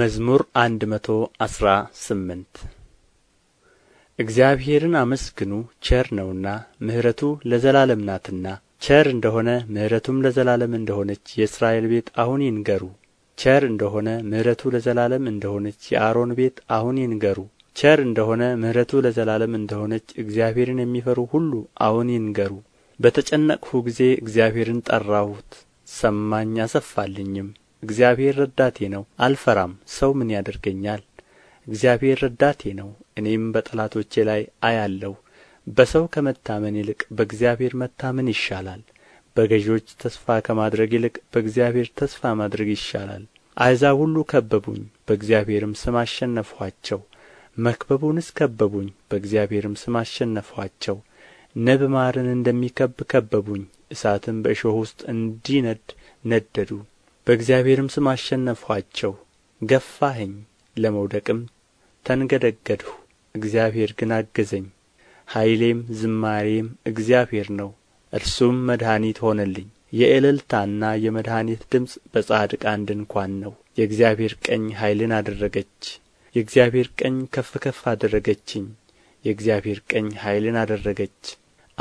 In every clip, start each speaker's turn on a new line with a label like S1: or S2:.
S1: መዝሙር መቶ አስራ ስምንት እግዚአብሔርን አመስግኑ ቸር ነውና ምሕረቱ ለዘላለም ናትና። ቸር እንደሆነ ምሕረቱም ለዘላለም እንደሆነች የእስራኤል ቤት አሁን ይንገሩ። ቸር እንደሆነ ምሕረቱ ለዘላለም እንደሆነች የአሮን ቤት አሁን ይንገሩ። ቸር እንደሆነ ምሕረቱ ለዘላለም እንደሆነች እግዚአብሔርን የሚፈሩ ሁሉ አሁን ይንገሩ። በተጨነቅሁ ጊዜ እግዚአብሔርን ጠራሁት፣ ሰማኝ አሰፋልኝም። እግዚአብሔር ረዳቴ ነው አልፈራም ሰው ምን ያደርገኛል እግዚአብሔር ረዳቴ ነው እኔም በጠላቶቼ ላይ አያለሁ በሰው ከመታመን ይልቅ በእግዚአብሔር መታመን ይሻላል በገዦች ተስፋ ከማድረግ ይልቅ በእግዚአብሔር ተስፋ ማድረግ ይሻላል አሕዛብ ሁሉ ከበቡኝ በእግዚአብሔርም ስም አሸነፍኋቸው መክበቡንስ ከበቡኝ በእግዚአብሔርም ስም አሸነፍኋቸው ንብ ማርን እንደሚከብ ከበቡኝ እሳትም በእሾህ ውስጥ እንዲነድ ነደዱ በእግዚአብሔርም ስም አሸነፍኋቸው ገፋኸኝ ለመውደቅም ተንገደገድሁ፣ እግዚአብሔር ግን አገዘኝ ኃይሌም ዝማሬም እግዚአብሔር ነው እርሱም መድኃኒት ሆነልኝ የእልልታና የመድኃኒት ድምፅ በጻድቃን ድንኳን ነው የእግዚአብሔር ቀኝ ኃይልን አደረገች የእግዚአብሔር ቀኝ ከፍ ከፍ አደረገችኝ የእግዚአብሔር ቀኝ ኃይልን አደረገች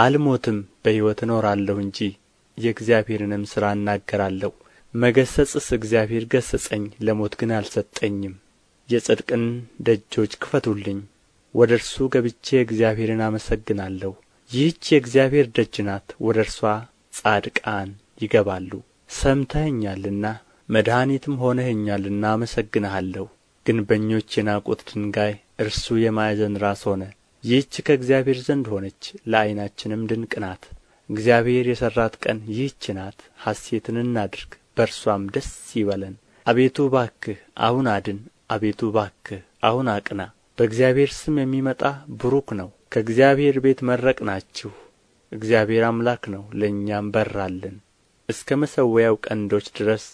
S1: አልሞትም በሕይወት እኖራለሁ እንጂ የእግዚአብሔርንም ሥራ እናገራለሁ መገሠጽስ እግዚአብሔር ገሠጸኝ ለሞት ግን አልሰጠኝም የጽድቅን ደጆች ክፈቱልኝ ወደ እርሱ ገብቼ እግዚአብሔርን አመሰግናለሁ ይህች የእግዚአብሔር ደጅ ናት ወደ እርሷ ጻድቃን ይገባሉ ሰምተኸኛልና መድኃኒትም ሆነኸኛልና አመሰግንሃለሁ ግንበኞች የናቁት ድንጋይ እርሱ የማዕዘን ራስ ሆነ ይህች ከእግዚአብሔር ዘንድ ሆነች ለዓይናችንም ድንቅ ናት እግዚአብሔር የሠራት ቀን ይህች ናት ሐሴትን እናድርግ በእርሷም ደስ ይበለን። አቤቱ ባክህ አሁን አድን፣ አቤቱ ባክህ አሁን አቅና። በእግዚአብሔር ስም የሚመጣ ቡሩክ ነው። ከእግዚአብሔር ቤት መረቅናችሁ። እግዚአብሔር አምላክ ነው፣ ለእኛም በራልን። እስከ መሠዊያው ቀንዶች ድረስ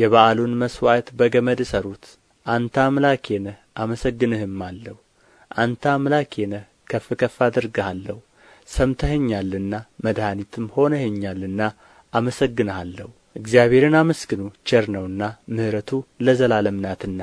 S1: የበዓሉን መሥዋዕት በገመድ እሰሩት። አንተ አምላኬ ነህ፣ አመሰግንህም አለው አንተ አምላኬ ነህ፣ ከፍ ከፍ አድርግሃለሁ። ሰምተኸኛልና መድኃኒትም ሆነኸኛልና አመሰግንሃለሁ። እግዚአብሔርን አመስግኑ ቸር ነውና ምሕረቱ ለዘላለም ናትና